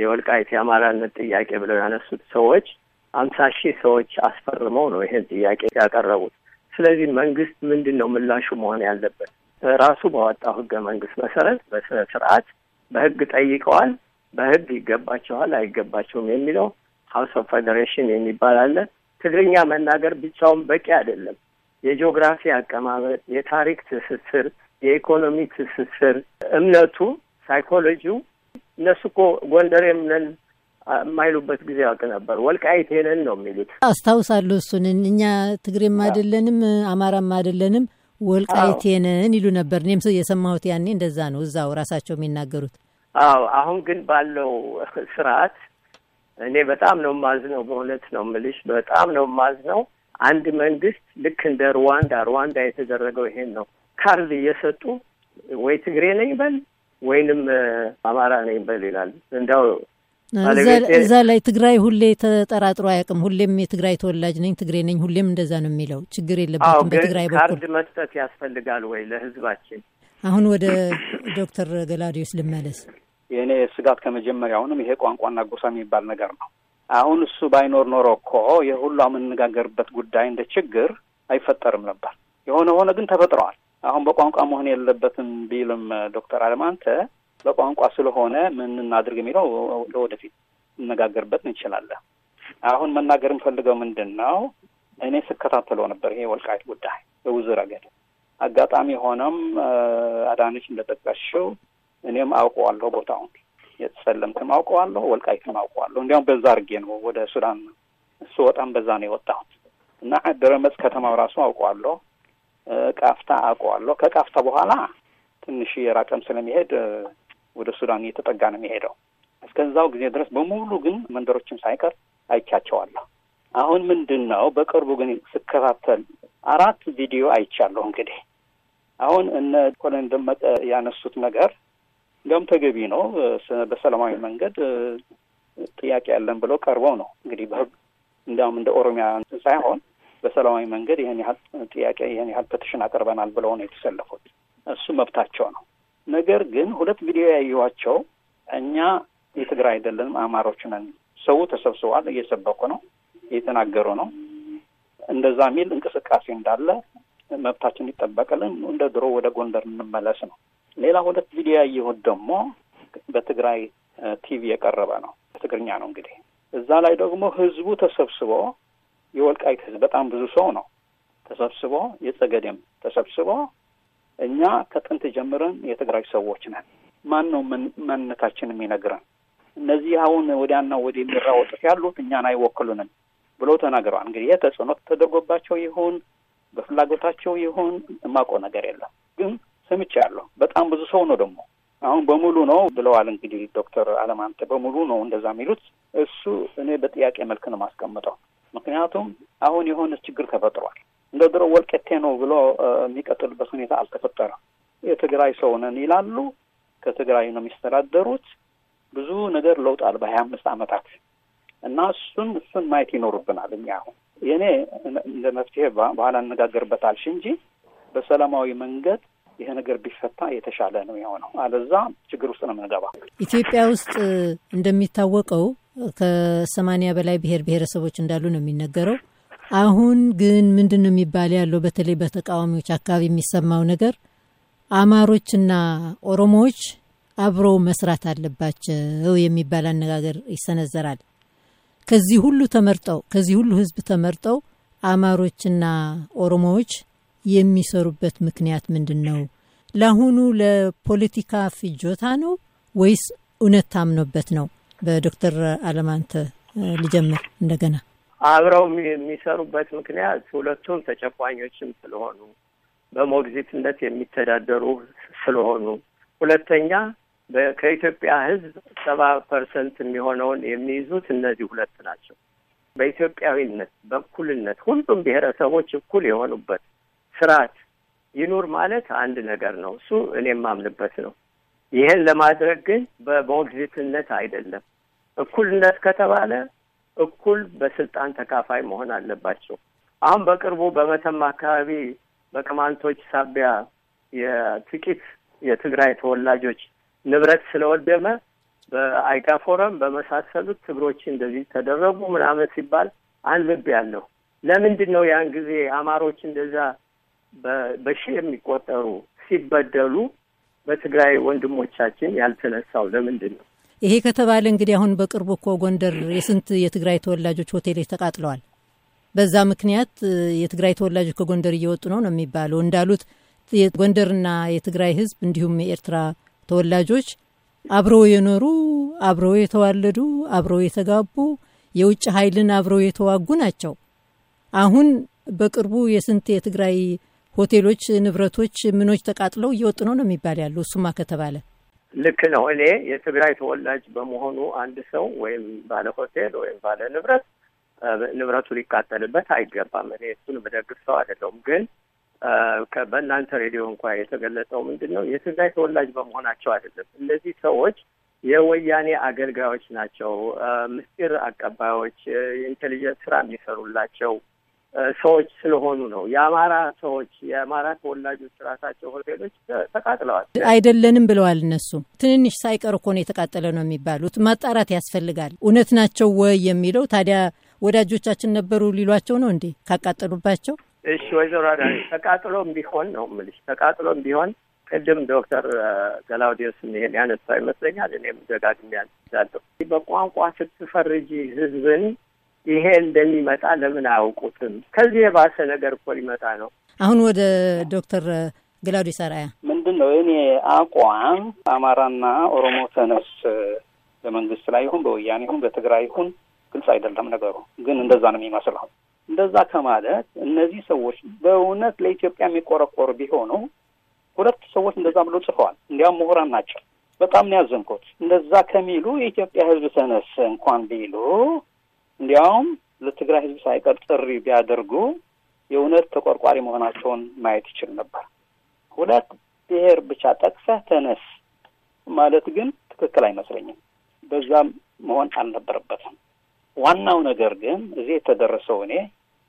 የወልቃይት የአማራነት ጥያቄ ብለው ያነሱት ሰዎች አምሳ ሺህ ሰዎች አስፈርመው ነው ይሄን ጥያቄ ያቀረቡት። ስለዚህ መንግስት ምንድን ነው ምላሹ መሆን ያለበት? ራሱ ባወጣው ህገ መንግስት መሰረት በስነ ስርዓት በህግ ጠይቀዋል። በህግ ይገባቸዋል አይገባቸውም የሚለው ሀውስ ኦፍ ፌዴሬሽን የሚባል አለ። ትግርኛ መናገር ብቻውን በቂ አይደለም። የጂኦግራፊ አቀማመጥ፣ የታሪክ ትስስር፣ የኢኮኖሚ ትስስር፣ እምነቱ፣ ሳይኮሎጂው እነሱ እኮ ጎንደሬም ነን የማይሉበት ጊዜ ያውቅ ነበር። ወልቃይት ነን ነው የሚሉት። አስታውሳለሁ እሱን። እኛ ትግሬም አይደለንም አማራም አይደለንም ወልቃይቴንን ይሉ ነበር። እኔም የሰማሁት ያኔ እንደዛ ነው፣ እዛው ራሳቸው የሚናገሩት። አዎ አሁን ግን ባለው ስርዓት እኔ በጣም ነው የማዝነው። በእውነት ነው የምልሽ፣ በጣም ነው የማዝነው። አንድ መንግስት ልክ እንደ ሩዋንዳ ሩዋንዳ የተደረገው ይሄን ነው። ካርድ እየሰጡ ወይ ትግሬ ነኝ በል ወይንም አማራ ነኝ በል ይላል። እንዳው እዛ ላይ ትግራይ ሁሌ ተጠራጥሮ አያውቅም። ሁሌም የትግራይ ተወላጅ ነኝ፣ ትግሬ ነኝ፣ ሁሌም እንደዛ ነው የሚለው። ችግር የለበትም በትግራይ በኩል። ካርድ መስጠት ያስፈልጋል ወይ ለህዝባችን? አሁን ወደ ዶክተር ገላዲዮስ ልመለስ። የእኔ ስጋት ከመጀመሪያውንም ይሄ ቋንቋና ጎሳ የሚባል ነገር ነው። አሁን እሱ ባይኖር ኖሮ እኮ የሁሉ የምንነጋገርበት ጉዳይ እንደ ችግር አይፈጠርም ነበር። የሆነ ሆነ ግን ተፈጥረዋል። አሁን በቋንቋ መሆን የለበትም ቢልም ዶክተር አለማንተ በቋንቋ ስለሆነ ምን እናድርግ የሚለው ለወደፊት እነጋገርበት እንችላለን። አሁን መናገር የምፈልገው ምንድን ነው፣ እኔ ስከታተለው ነበር ይሄ ወልቃይት ጉዳይ በብዙ ረገድ አጋጣሚ ሆነም አዳነች እንደጠቀሽው እኔም አውቀዋለሁ ቦታውን የተሰለምትም አውቀዋለሁ፣ ወልቃይትም አውቀዋለሁ። እንዲያውም በዛ አድርጌ ነው ወደ ሱዳን እሱ ወጣም በዛ ነው የወጣሁት እና ድረመጽ ከተማው ራሱ አውቀዋለሁ፣ ቃፍታ አውቀዋለሁ። ከቃፍታ በኋላ ትንሽ የራቀም ስለሚሄድ ወደ ሱዳን እየተጠጋ ነው የሚሄደው። እስከዛው ጊዜ ድረስ በሙሉ ግን መንደሮችም ሳይቀር አይቻቸዋለሁ። አሁን ምንድን ነው በቅርቡ ግን ስከታተል አራት ቪዲዮ አይቻለሁ። እንግዲህ አሁን እነ ኮሎኔል ደመቀ ያነሱት ነገር እንዲያውም ተገቢ ነው። በሰላማዊ መንገድ ጥያቄ ያለን ብለው ቀርበው ነው እንግዲህ እንዲያውም እንደ ኦሮሚያ ሳይሆን በሰላማዊ መንገድ ይህን ያህል ጥያቄ ይህን ያህል ፔቲሽን አቅርበናል ብለው ነው የተሰለፉት። እሱ መብታቸው ነው። ነገር ግን ሁለት ቪዲዮ ያየኋቸው እኛ የትግራይ አይደለንም አማሮች ነን፣ ሰው ተሰብስቧል፣ እየሰበኩ ነው፣ እየተናገሩ ነው፣ እንደዛ የሚል እንቅስቃሴ እንዳለ መብታችን ይጠበቅልን፣ እንደ ድሮ ወደ ጎንደር እንመለስ ነው። ሌላ ሁለት ቪዲዮ ያየሁት ደግሞ በትግራይ ቲቪ የቀረበ ነው። በትግርኛ ነው እንግዲህ። እዛ ላይ ደግሞ ህዝቡ ተሰብስቦ የወልቃይት ህዝብ በጣም ብዙ ሰው ነው ተሰብስቦ የጸገዴም ተሰብስቦ እኛ ከጥንት ጀምረን የትግራይ ሰዎች ነን። ማን ነው ማንነታችን የሚነግረን? እነዚህ አሁን ወዲያና ወዲህ የሚራወጡት ያሉት እኛን አይወክሉንም ብሎ ተናግረዋል። እንግዲህ ይህ ተጽዕኖ ተደርጎባቸው ይሁን በፍላጎታቸው ይሁን የማውቀው ነገር የለም፣ ግን ሰምቻለሁ። በጣም ብዙ ሰው ነው ደግሞ አሁን በሙሉ ነው ብለዋል። እንግዲህ ዶክተር አለማንተ በሙሉ ነው እንደዛ የሚሉት እሱ እኔ በጥያቄ መልክ ነው የማስቀምጠው። ምክንያቱም አሁን የሆነ ችግር ተፈጥሯል። እንደ ድሮ ወልቄቴ ነው ብሎ የሚቀጥሉበት ሁኔታ አልተፈጠረም። የትግራይ ሰው ነን ይላሉ። ከትግራይ ነው የሚስተዳደሩት። ብዙ ነገር ለውጣል በሀያ አምስት ዓመታት እና እሱን እሱን ማየት ይኖርብናል። እኛ አሁን የእኔ እንደ መፍትሄ በኋላ እንነጋገርበታል እንጂ በሰላማዊ መንገድ ይሄ ነገር ቢፈታ የተሻለ ነው የሆነው። አለዛ ችግር ውስጥ ነው የምንገባ። ኢትዮጵያ ውስጥ እንደሚታወቀው ከሰማንያ በላይ ብሔር ብሔረሰቦች እንዳሉ ነው የሚነገረው። አሁን ግን ምንድን ነው የሚባል ያለው በተለይ በተቃዋሚዎች አካባቢ የሚሰማው ነገር አማሮችና ኦሮሞዎች አብረው መስራት አለባቸው የሚባል አነጋገር ይሰነዘራል። ከዚህ ሁሉ ተመርጠው ከዚህ ሁሉ ህዝብ ተመርጠው አማሮችና ኦሮሞዎች የሚሰሩበት ምክንያት ምንድን ነው? ለአሁኑ ለፖለቲካ ፍጆታ ነው ወይስ እውነት ታምኖበት ነው? በዶክተር አለማንተ ልጀምር እንደገና። አብረው የሚሰሩበት ምክንያት ሁለቱም ተጨቋኞችም ስለሆኑ በሞግዚትነት የሚተዳደሩ ስለሆኑ፣ ሁለተኛ ከኢትዮጵያ ሕዝብ ሰባ ፐርሰንት የሚሆነውን የሚይዙት እነዚህ ሁለት ናቸው። በኢትዮጵያዊነት በእኩልነት ሁሉም ብሔረሰቦች እኩል የሆኑበት ስርዓት ይኑር ማለት አንድ ነገር ነው። እሱ እኔ የማምንበት ነው። ይህን ለማድረግ ግን በሞግዚትነት አይደለም። እኩልነት ከተባለ እኩል በስልጣን ተካፋይ መሆን አለባቸው። አሁን በቅርቡ በመተማ አካባቢ በቅማንቶች ሳቢያ የጥቂት የትግራይ ተወላጆች ንብረት ስለወደመ ፎረም በመሳሰሉት ትግሮች እንደዚህ ተደረጉ ምናምን ሲባል አንብብ ያለሁ ለምንድን ነው ያን ጊዜ አማሮች እንደዛ በሺ የሚቆጠሩ ሲበደሉ በትግራይ ወንድሞቻችን ያልተነሳው ለምንድን ነው? ይሄ ከተባለ እንግዲህ አሁን በቅርቡ እኮ ጎንደር የስንት የትግራይ ተወላጆች ሆቴሎች ተቃጥለዋል። በዛ ምክንያት የትግራይ ተወላጆች ከጎንደር እየወጡ ነው ነው የሚባለው። እንዳሉት የጎንደርና የትግራይ ሕዝብ እንዲሁም የኤርትራ ተወላጆች አብረው የኖሩ አብረው የተዋለዱ አብረው የተጋቡ የውጭ ኃይልን አብረው የተዋጉ ናቸው። አሁን በቅርቡ የስንት የትግራይ ሆቴሎች፣ ንብረቶች፣ ምኖች ተቃጥለው እየወጡ ነው ነው የሚባል ያሉ እሱማ ከተባለ ልክ ነው። እኔ የትግራይ ተወላጅ በመሆኑ አንድ ሰው ወይም ባለ ሆቴል ወይም ባለ ንብረት ንብረቱ ሊቃጠልበት አይገባም። እኔ እሱን በደግፍ ሰው አይደለሁም። ግን በእናንተ ሬዲዮ እንኳ የተገለጸው ምንድን ነው የትግራይ ተወላጅ በመሆናቸው አይደለም። እነዚህ ሰዎች የወያኔ አገልጋዮች ናቸው፣ ምስጢር አቀባዮች፣ የኢንቴሊጀንስ ስራ የሚሰሩላቸው ሰዎች ስለሆኑ ነው። የአማራ ሰዎች የአማራ ተወላጆች ራሳቸው ሆቴሎች ተቃጥለዋል። አይደለንም ብለዋል እነሱ። ትንንሽ ሳይቀር እኮ ነው የተቃጠለ ነው የሚባሉት። ማጣራት ያስፈልጋል። እውነት ናቸው ወይ የሚለው ታዲያ ወዳጆቻችን ነበሩ ሊሏቸው ነው እንዴ ካቃጠሉባቸው? እሺ ወይዘሮ አዳኒ ተቃጥሎም ቢሆን ነው የምልሽ። ተቃጥሎም ቢሆን ቅድም ዶክተር ገላውዲዮስ ይሄን ያነሳው ይመስለኛል። እኔም ደጋግሜ ያለው በቋንቋ ስትፈርጂ ህዝብን ይሄ እንደሚመጣ ለምን አያውቁትም? ከዚህ የባሰ ነገር እኮ ሊመጣ ነው። አሁን ወደ ዶክተር ግላዲ ሰራያ ምንድን ነው እኔ አቋም አማራና ኦሮሞ ተነስ በመንግስት ላይ ይሁን በወያኔ ይሁን በትግራይ ይሁን ግልጽ አይደለም ነገሩ፣ ግን እንደዛ ነው የሚመስለው። እንደዛ ከማለት እነዚህ ሰዎች በእውነት ለኢትዮጵያ የሚቆረቆር ቢሆኑ ሁለት ሰዎች እንደዛ ብሎ ጽፈዋል። እንዲያውም ምሁራን ናቸው። በጣም ነው ያዘንኩት። እንደዛ ከሚሉ የኢትዮጵያ ሕዝብ ተነስ እንኳን ቢሉ እንዲያውም ለትግራይ ህዝብ ሳይቀር ጥሪ ቢያደርጉ የእውነት ተቆርቋሪ መሆናቸውን ማየት ይችል ነበር። ሁለት ብሔር ብቻ ጠቅሰህ ተነስ ማለት ግን ትክክል አይመስለኝም። በዛም መሆን አልነበረበትም። ዋናው ነገር ግን እዚህ የተደረሰው እኔ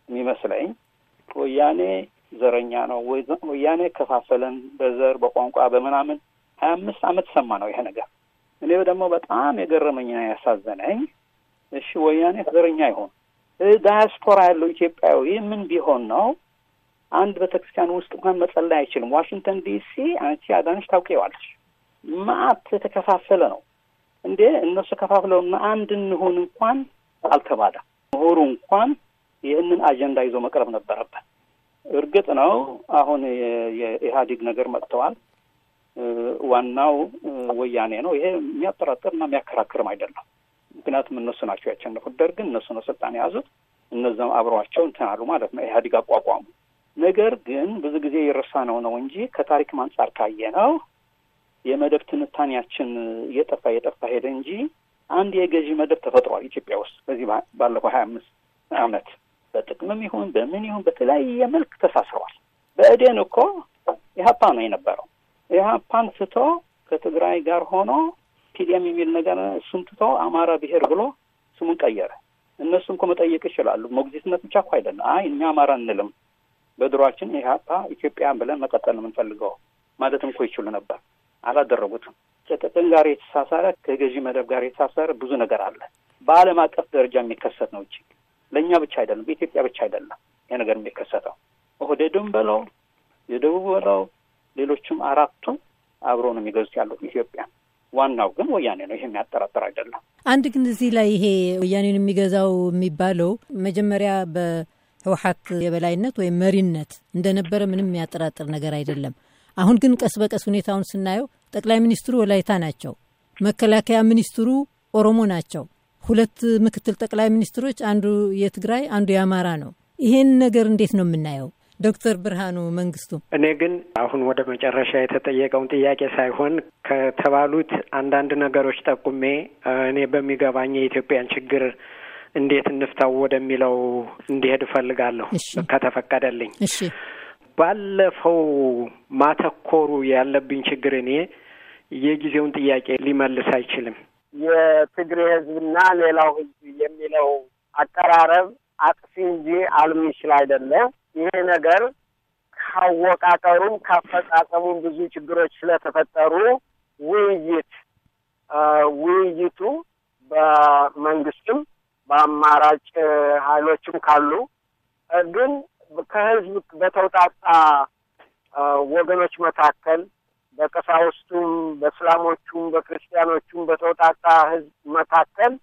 የሚመስለኝ ወያኔ ዘረኛ ነው፣ ወያኔ ከፋፈለን በዘር በቋንቋ በምናምን ሀያ አምስት ዓመት ሰማ ነው ይሄ ነገር። እኔ ደግሞ በጣም የገረመኝና ያሳዘነኝ እሺ ወያኔ ዘረኛ ይሆን ዳያስፖራ ያለው ኢትዮጵያዊ ምን ቢሆን ነው? አንድ ቤተክርስቲያን ውስጥ እንኳን መጸለይ አይችልም። ዋሽንግተን ዲሲ አንቺ አዳነሽ ታውቂዋለሽ፣ ማአት የተከፋፈለ ነው እንዴ። እነሱ ከፋፍለውና አንድ እንሁን እንኳን አልተባለም። ምሁሩ እንኳን ይህንን አጀንዳ ይዞ መቅረብ ነበረበት። እርግጥ ነው አሁን የኢህአዴግ ነገር መጥተዋል። ዋናው ወያኔ ነው። ይሄ የሚያጠራጥርና የሚያከራክርም አይደለም። ምክንያቱም እነሱ ናቸው ያቸነፉት ደርግን፣ እነሱ ነው ስልጣን የያዙት፣ እነዛም አብረዋቸው እንትን አሉ ማለት ነው። ኢህአዲግ አቋቋሙ። ነገር ግን ብዙ ጊዜ የረሳ ነው እንጂ ከታሪክም አንጻር ካየነው የመደብ ትንታኔያችን እየጠፋ እየጠፋ ሄደ እንጂ አንድ የገዢ መደብ ተፈጥሯል ኢትዮጵያ ውስጥ በዚህ ባለፈው ሀያ አምስት አመት በጥቅምም ይሁን በምን ይሁን በተለያየ መልክ ተሳስረዋል። በእዴን እኮ ኢህአፓ ነው የነበረው። ኢህአፓን ስቶ ከትግራይ ጋር ሆኖ ቲዲኤም የሚል ነገር እሱን ትቶ አማራ ብሔር ብሎ ስሙን ቀየረ። እነሱ እንኮ መጠየቅ ይችላሉ። ሞግዚትነት ብቻ እኮ አይደለም። አይ እኛ አማራ እንልም በድሯችን ኢህአፓ ኢትዮጵያን ብለን መቀጠል የምንፈልገው ማለትም እኮ ይችሉ ነበር። አላደረጉትም። ከጥቅም ጋር የተሳሰረ ከገዢ መደብ ጋር የተሳሰረ ብዙ ነገር አለ። በዓለም አቀፍ ደረጃ የሚከሰት ነው። እጅግ ለእኛ ብቻ አይደለም፣ በኢትዮጵያ ብቻ አይደለም ይህ ነገር የሚከሰተው። ኦህዴድም በለው የደቡብ በለው ሌሎችም አራቱ አብሮ ነው የሚገዙት ያሉት ኢትዮጵያ ዋናው ግን ወያኔ ነው። ይሄ የሚያጠራጥር አይደለም። አንድ ግን እዚህ ላይ ይሄ ወያኔን የሚገዛው የሚባለው መጀመሪያ በህወሓት የበላይነት ወይም መሪነት እንደነበረ ምንም የሚያጠራጥር ነገር አይደለም። አሁን ግን ቀስ በቀስ ሁኔታውን ስናየው ጠቅላይ ሚኒስትሩ ወላይታ ናቸው፣ መከላከያ ሚኒስትሩ ኦሮሞ ናቸው። ሁለት ምክትል ጠቅላይ ሚኒስትሮች፣ አንዱ የትግራይ አንዱ የአማራ ነው። ይሄን ነገር እንዴት ነው የምናየው? ዶክተር ብርሃኑ መንግስቱ፣ እኔ ግን አሁን ወደ መጨረሻ የተጠየቀውን ጥያቄ ሳይሆን ከተባሉት አንዳንድ ነገሮች ጠቁሜ እኔ በሚገባኝ የኢትዮጵያን ችግር እንዴት እንፍታው ወደሚለው እንዲሄድ እፈልጋለሁ ከተፈቀደልኝ። ባለፈው ማተኮሩ ያለብኝ ችግር እኔ የጊዜውን ጥያቄ ሊመልስ አይችልም። የትግሬ ህዝብና ሌላው ህዝብ የሚለው አቀራረብ አጥፊ እንጂ አልሚ ይችል አይደለም ይሄ ነገር ካወቃቀሩም ካፈጻጸሙም ብዙ ችግሮች ስለተፈጠሩ ውይይት ውይይቱ በመንግስትም በአማራጭ ኃይሎችም ካሉ ግን ከህዝብ በተውጣጣ ወገኖች መካከል በቀሳውስቱም፣ በእስላሞቹም፣ በክርስቲያኖቹም በተውጣጣ ህዝብ መካከል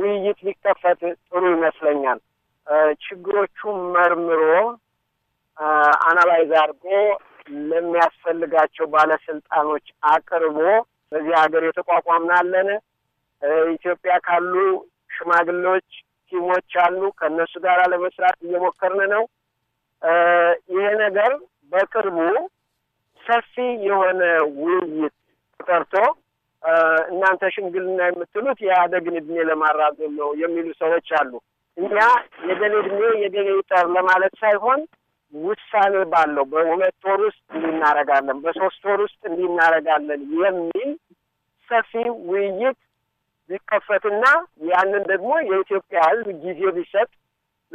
ውይይት ሊከፈት ጥሩ ይመስለኛል። ችግሮቹም መርምሮ አናላይዝ አድርጎ ለሚያስፈልጋቸው ባለስልጣኖች አቅርቦ በዚህ ሀገር የተቋቋምናለን ኢትዮጵያ ካሉ ሽማግሌዎች ቲሞች አሉ። ከእነሱ ጋር ለመስራት እየሞከርን ነው። ይሄ ነገር በቅርቡ ሰፊ የሆነ ውይይት ተጠርቶ እናንተ ሽምግልና የምትሉት የአደግን እድሜ ለማራዘም ነው የሚሉ ሰዎች አሉ። እኛ የገሌ እድሜ የገሌ ይጠር ለማለት ሳይሆን ውሳኔ ባለው በሁለት ወር ውስጥ እንዲናረጋለን፣ በሶስት ወር ውስጥ እንዲናረጋለን የሚል ሰፊ ውይይት ቢከፈትና ያንን ደግሞ የኢትዮጵያ ሕዝብ ጊዜ ቢሰጥ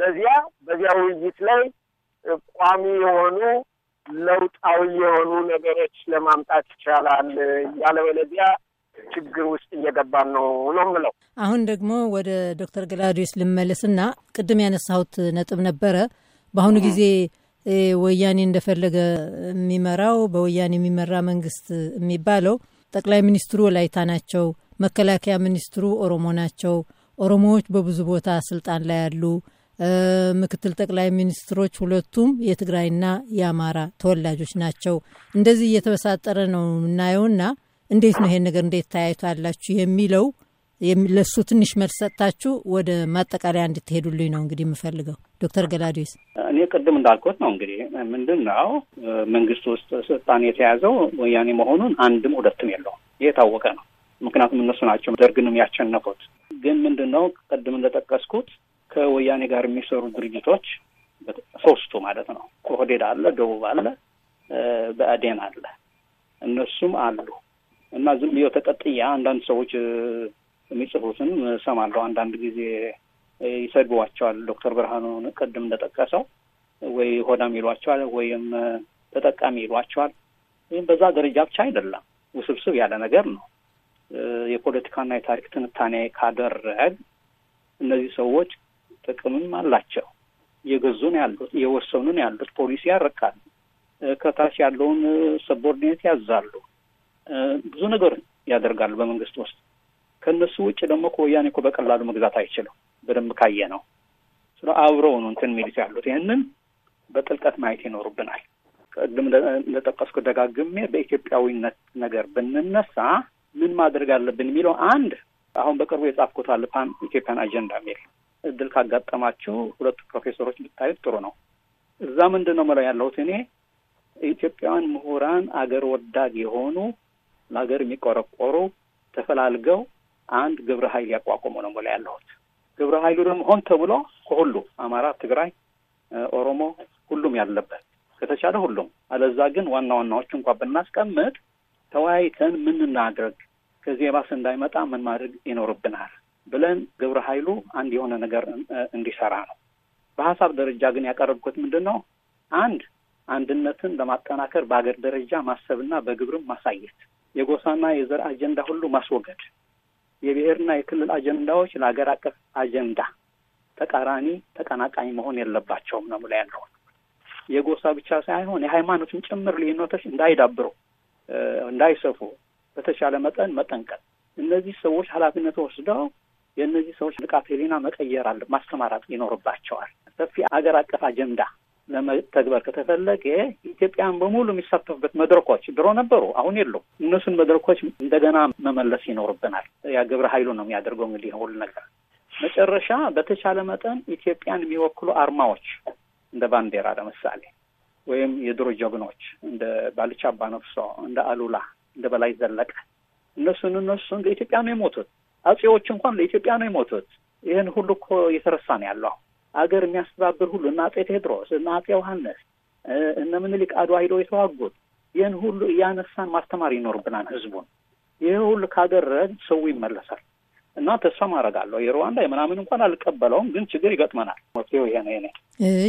ለዚያ በዚያ ውይይት ላይ ቋሚ የሆኑ ለውጣዊ የሆኑ ነገሮች ለማምጣት ይቻላል። ያለበለዚያ ችግር ውስጥ እየገባን ነው ነው የምለው። አሁን ደግሞ ወደ ዶክተር ገላዲዮስ ልመለስና ቅድም ያነሳሁት ነጥብ ነበረ በአሁኑ ጊዜ ወያኔ እንደፈለገ የሚመራው በወያኔ የሚመራ መንግስት የሚባለው ጠቅላይ ሚኒስትሩ ወላይታ ናቸው፣ መከላከያ ሚኒስትሩ ኦሮሞ ናቸው፣ ኦሮሞዎች በብዙ ቦታ ስልጣን ላይ ያሉ ምክትል ጠቅላይ ሚኒስትሮች ሁለቱም የትግራይና የአማራ ተወላጆች ናቸው። እንደዚህ እየተበሳጠረ ነው የምናየውና እንዴት ነው ይሄን ነገር እንዴት ታያዩታላችሁ የሚለው ለሱ ትንሽ መልስ ሰጥታችሁ ወደ ማጠቃለያ እንድትሄዱልኝ ነው እንግዲህ የምፈልገው። ዶክተር ገላዲስ እኔ ቅድም እንዳልኩት ነው እንግዲህ ምንድን ነው መንግስት ውስጥ ስልጣን የተያዘው ወያኔ መሆኑን አንድም ሁለትም የለውም። ይህ የታወቀ ነው። ምክንያቱም እነሱ ናቸው ደርግንም ያሸነፉት። ግን ምንድን ነው ቅድም እንደጠቀስኩት ከወያኔ ጋር የሚሰሩ ድርጅቶች ሶስቱ ማለት ነው ኦህዴድ አለ፣ ደቡብ አለ፣ ብአዴን አለ፣ እነሱም አሉ እና ዝም ብዬ ተቀጥያ አንዳንድ ሰዎች የሚጽፉትን እሰማለሁ። አንዳንድ ጊዜ ይሰድቧቸዋል። ዶክተር ብርሃኑ ቅድም እንደጠቀሰው ወይ ሆዳም ይሏቸዋል፣ ወይም ተጠቃሚ ይሏቸዋል። ይህም በዛ ደረጃ ብቻ አይደለም፣ ውስብስብ ያለ ነገር ነው። የፖለቲካና የታሪክ ትንታኔ ካደረግ እነዚህ ሰዎች ጥቅምም አላቸው። የገዙን ያሉት የወሰኑን ያሉት ፖሊሲ ያረካሉ፣ ከታች ያለውን ሰቦርዲኔት ያዛሉ፣ ብዙ ነገር ያደርጋሉ በመንግስት ውስጥ ከእነሱ ውጭ ደግሞ ከወያኔ ወያኔ እኮ በቀላሉ መግዛት አይችልም። በደንብ ካየ ነው ስለ አብረው ነው እንትን ሚሊት ያሉት ይህንን በጥልቀት ማየት ይኖሩብናል። ቅድም እንደጠቀስኩ ደጋግሜ በኢትዮጵያዊነት ነገር ብንነሳ ምን ማድረግ አለብን የሚለው አንድ አሁን በቅርቡ የጻፍኩት አለ ፓን ኢትዮጵያን አጀንዳ የሚል እድል ካጋጠማችሁ ሁለቱ ፕሮፌሰሮች ብታዩት ጥሩ ነው። እዛ ምንድን ነው ምለው ያለሁት እኔ ኢትዮጵያውያን ምሁራን አገር ወዳድ የሆኑ ለሀገር የሚቆረቆሩ ተፈላልገው አንድ ግብረ ኃይል ያቋቋመ ነው ብላ ያለሁት። ግብረ ኃይሉ ደግሞ ሆን ተብሎ ከሁሉ አማራ፣ ትግራይ፣ ኦሮሞ ሁሉም ያለበት ከተቻለ ሁሉም፣ አለዛ ግን ዋና ዋናዎቹ እንኳ ብናስቀምጥ ተወያይተን ምን እናድርግ ከዚህ የባስ እንዳይመጣ ምን ማድረግ ይኖርብናል ብለን ግብረ ኃይሉ አንድ የሆነ ነገር እንዲሰራ ነው። በሀሳብ ደረጃ ግን ያቀረብኩት ምንድን ነው? አንድ አንድነትን ለማጠናከር በሀገር ደረጃ ማሰብና በግብርም ማሳየት፣ የጎሳና የዘር አጀንዳ ሁሉ ማስወገድ የብሔርና የክልል አጀንዳዎች ለሀገር አቀፍ አጀንዳ ተቃራኒ ተቀናቃኝ መሆን የለባቸውም ነው ብላ ያለው የጎሳ ብቻ ሳይሆን የሃይማኖትን ጭምር ልዩነቶች እንዳይዳብሩ እንዳይሰፉ በተቻለ መጠን መጠንቀቅ እነዚህ ሰዎች ኃላፊነት ወስደው የእነዚህ ሰዎች ንቃተ ሕሊና መቀየር አለ ማስተማራት ይኖርባቸዋል። ሰፊ አገር አቀፍ አጀንዳ ለመተግበር ከተፈለገ ኢትዮጵያን በሙሉ የሚሳተፉበት መድረኮች ድሮ ነበሩ፣ አሁን የሉም። እነሱን መድረኮች እንደገና መመለስ ይኖርብናል። ያ ግብረ ኃይሉ ነው የሚያደርገው እንግዲህ ሁሉ ነገር። መጨረሻ በተቻለ መጠን ኢትዮጵያን የሚወክሉ አርማዎች እንደ ባንዲራ ለምሳሌ ወይም የድሮ ጀግኖች እንደ ባልቻ ነፍሶ እንደ አሉላ፣ እንደ በላይ ዘለቀ እነሱን እነሱን ለኢትዮጵያ ነው የሞቱት። አጼዎች እንኳን ለኢትዮጵያ ነው የሞቱት። ይህን ሁሉ እኮ እየተረሳ ነው ያለው። አገር የሚያስተባብር ሁሉ እነ አጼ ቴዎድሮስ እነ አጼ ዮሐንስ እነ ምኒልክ አድዋ ሂደው የተዋጉት ይህን ሁሉ እያነሳን ማስተማር ይኖርብናል ህዝቡን። ይህ ሁሉ ካደረግ ሰው ይመለሳል እና ተስፋ ማድረጋለሁ። የሩዋንዳ የምናምን እንኳን አልቀበለውም፣ ግን ችግር ይገጥመናል። መፍትሄው ይሄ ነው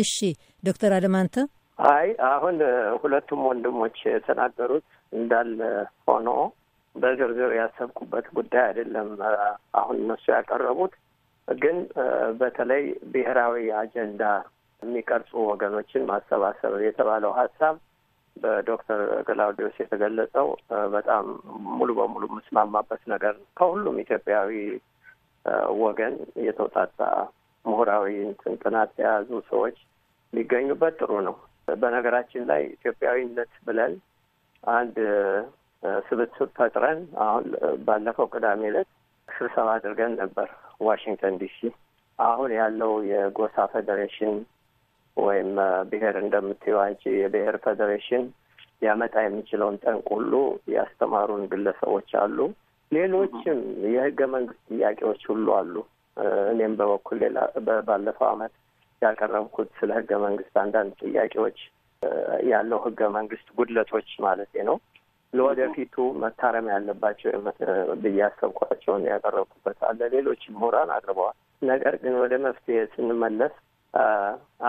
እሺ ዶክተር አለማንተ አይ አሁን ሁለቱም ወንድሞች የተናገሩት እንዳለ ሆኖ በዝርዝር ያሰብኩበት ጉዳይ አይደለም። አሁን እነሱ ያቀረቡት ግን በተለይ ብሔራዊ አጀንዳ የሚቀርጹ ወገኖችን ማሰባሰብ የተባለው ሀሳብ በዶክተር ገላውዲዮስ የተገለጸው በጣም ሙሉ በሙሉ የምስማማበት ነገር ነው። ከሁሉም ኢትዮጵያዊ ወገን የተውጣጣ ምሁራዊ ጥናት የያዙ ሰዎች ሊገኙበት ጥሩ ነው። በነገራችን ላይ ኢትዮጵያዊነት ብለን አንድ ስብስብ ፈጥረን አሁን ባለፈው ቅዳሜ ዕለት ስብሰባ አድርገን ነበር። ዋሽንግተን ዲሲ አሁን ያለው የጎሳ ፌዴሬሽን ወይም ብሔር እንደምትይው የብሄር የብሔር ፌዴሬሽን ሊያመጣ የሚችለውን ጠንቅ ሁሉ ያስተማሩን ግለሰቦች አሉ። ሌሎችም የህገ መንግስት ጥያቄዎች ሁሉ አሉ። እኔም በበኩል ሌላ ባለፈው አመት ያቀረብኩት ስለ ህገ መንግስት አንዳንድ ጥያቄዎች ያለው ህገ መንግስት ጉድለቶች ማለት ነው ለወደፊቱ መታረም ያለባቸው ብዬ ያሰብኳቸውን ያቀረብኩበት አለ። ሌሎች ምሁራን አቅርበዋል። ነገር ግን ወደ መፍትሄ ስንመለስ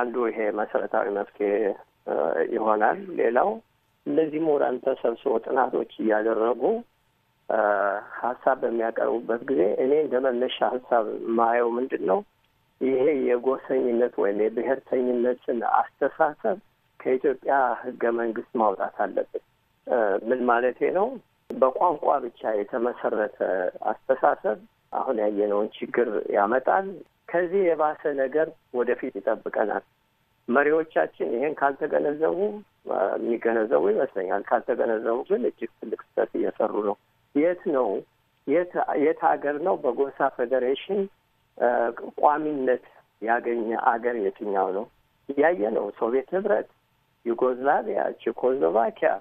አንዱ ይሄ መሰረታዊ መፍትሄ ይሆናል። ሌላው እነዚህ ምሁራን ተሰብስቦ ጥናቶች እያደረጉ ሀሳብ በሚያቀርቡበት ጊዜ እኔ እንደ መነሻ ሀሳብ ማየው ምንድን ነው ይሄ የጎሰኝነት ወይም የብሔርተኝነትን አስተሳሰብ ከኢትዮጵያ ሕገ መንግስት ማውጣት አለብን። ምን ማለቴ ነው? በቋንቋ ብቻ የተመሰረተ አስተሳሰብ አሁን ያየነውን ችግር ያመጣል። ከዚህ የባሰ ነገር ወደፊት ይጠብቀናል። መሪዎቻችን ይሄን ካልተገነዘቡ የሚገነዘቡ ይመስለኛል። ካልተገነዘቡ ግን እጅግ ትልቅ ስህተት እየሰሩ ነው። የት ነው የት ሀገር ነው በጎሳ ፌዴሬሽን ቋሚነት ያገኘ አገር የትኛው ነው? እያየ ነው ሶቪየት ህብረት፣ ዩጎዝላቪያ፣ ቼኮዝሎቫኪያ፣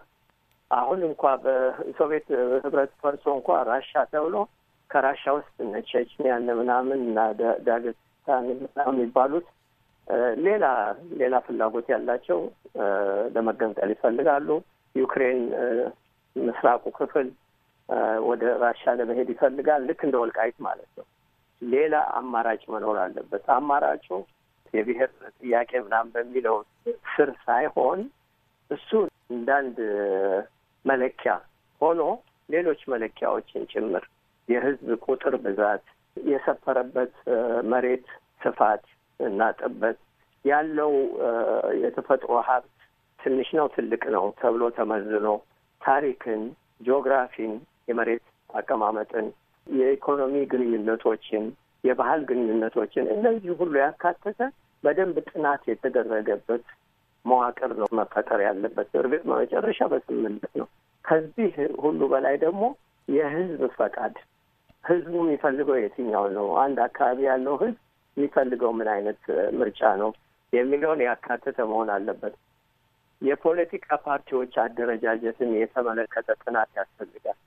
አሁን እንኳ በሶቪየት ህብረት ፈርሶ እንኳ ራሻ ተብሎ ከራሻ ውስጥ እነ ቼችኒያ ምናምን እና ዳገስታን ምናምን የሚባሉት ሌላ ሌላ ፍላጎት ያላቸው ለመገንጠል ይፈልጋሉ። ዩክሬን ምስራቁ ክፍል ወደ ራሻ ለመሄድ ይፈልጋል። ልክ እንደ ወልቃይት ማለት ነው። ሌላ አማራጭ መኖር አለበት። አማራጩ የብሔር ጥያቄ ምናምን በሚለው ስር ሳይሆን እሱ እንዳንድ መለኪያ ሆኖ ሌሎች መለኪያዎችን ጭምር የህዝብ ቁጥር ብዛት፣ የሰፈረበት መሬት ስፋት እና ጥበት፣ ያለው የተፈጥሮ ሀብት ትንሽ ነው ትልቅ ነው ተብሎ ተመዝኖ ታሪክን፣ ጂኦግራፊን፣ የመሬት አቀማመጥን፣ የኢኮኖሚ ግንኙነቶችን፣ የባህል ግንኙነቶችን እነዚህ ሁሉ ያካተተ በደንብ ጥናት የተደረገበት መዋቅር ነው መፈጠር ያለበት። እርግጥ መጨረሻ በስምምነት ነው። ከዚህ ሁሉ በላይ ደግሞ የህዝብ ፈቃድ፣ ህዝቡ የሚፈልገው የትኛው ነው፣ አንድ አካባቢ ያለው ህዝብ የሚፈልገው ምን አይነት ምርጫ ነው የሚለውን ያካተተ መሆን አለበት። የፖለቲካ ፓርቲዎች አደረጃጀትን የተመለከተ ጥናት ያስፈልጋል።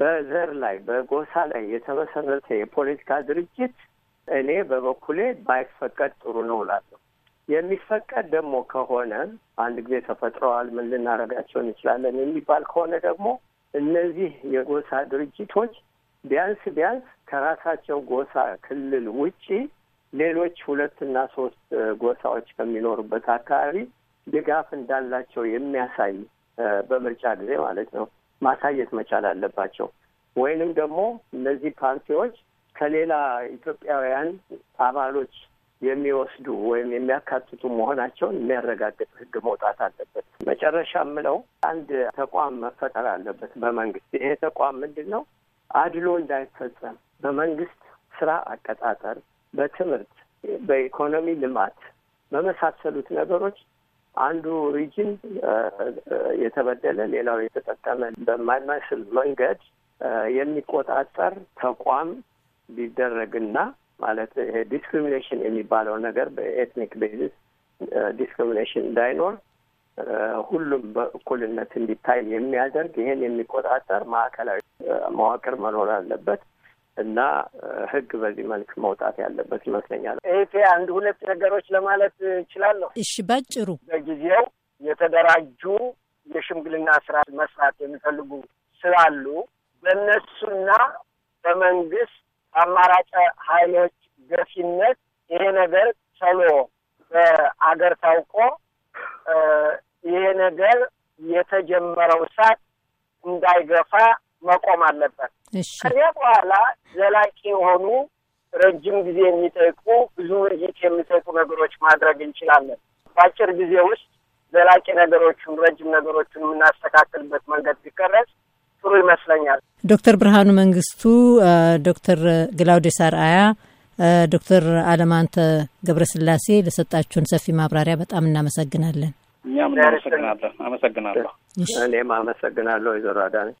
በዘር ላይ በጎሳ ላይ የተመሰረተ የፖለቲካ ድርጅት እኔ በበኩሌ ባይፈቀድ ጥሩ ነው እላለሁ። የሚፈቀድ ደግሞ ከሆነ አንድ ጊዜ ተፈጥረዋል፣ ምን ልናደርጋቸው እንችላለን የሚባል ከሆነ ደግሞ እነዚህ የጎሳ ድርጅቶች ቢያንስ ቢያንስ ከራሳቸው ጎሳ ክልል ውጪ ሌሎች ሁለትና ሶስት ጎሳዎች ከሚኖሩበት አካባቢ ድጋፍ እንዳላቸው የሚያሳይ በምርጫ ጊዜ ማለት ነው ማሳየት መቻል አለባቸው። ወይንም ደግሞ እነዚህ ፓርቲዎች ከሌላ ኢትዮጵያውያን አባሎች የሚወስዱ ወይም የሚያካትቱ መሆናቸውን የሚያረጋግጥ ህግ መውጣት አለበት። መጨረሻ የምለው አንድ ተቋም መፈጠር አለበት በመንግስት ይሄ ተቋም ምንድን ነው? አድሎ እንዳይፈጸም በመንግስት ስራ አቀጣጠር፣ በትምህርት፣ በኢኮኖሚ ልማት በመሳሰሉት ነገሮች አንዱ ሪጅን የተበደለ ሌላው የተጠቀመ በማይመስል መንገድ የሚቆጣጠር ተቋም ቢደረግና ማለት ይሄ ዲስክሪሚኔሽን የሚባለው ነገር በኤትኒክ ቤዚስ ዲስክሪሚኔሽን እንዳይኖር ሁሉም በእኩልነት እንዲታይ የሚያደርግ ይሄን የሚቆጣጠር ማዕከላዊ መዋቅር መኖር አለበት እና ህግ በዚህ መልክ መውጣት ያለበት ይመስለኛል። ይሄ አንድ ሁለት ነገሮች ለማለት እችላለሁ። እሺ፣ ባጭሩ በጊዜው የተደራጁ የሽምግልና ስራ መስራት የሚፈልጉ ስላሉ በእነሱና በመንግስት አማራጭ ኃይሎች ገፊነት ይሄ ነገር ሰሎ በአገር ታውቆ ይሄ ነገር የተጀመረው እሳት እንዳይገፋ መቆም አለበት። ከዚያ በኋላ ዘላቂ የሆኑ ረጅም ጊዜ የሚጠይቁ ብዙ ውርጅት የሚጠይቁ ነገሮች ማድረግ እንችላለን። በአጭር ጊዜ ውስጥ ዘላቂ ነገሮቹን ረጅም ነገሮቹን የምናስተካክልበት መንገድ ቢቀረጽ ጥሩ ይመስለኛል። ዶክተር ብርሃኑ መንግስቱ፣ ዶክተር ግላውዴስ አርአያ፣ ዶክተር አለማንተ ገብረስላሴ ለሰጣችሁን ሰፊ ማብራሪያ በጣም እናመሰግናለን። እኛም እናመሰግናለን። አመሰግናለሁ። እኔም አመሰግናለሁ ወይዘሮ አዳነች።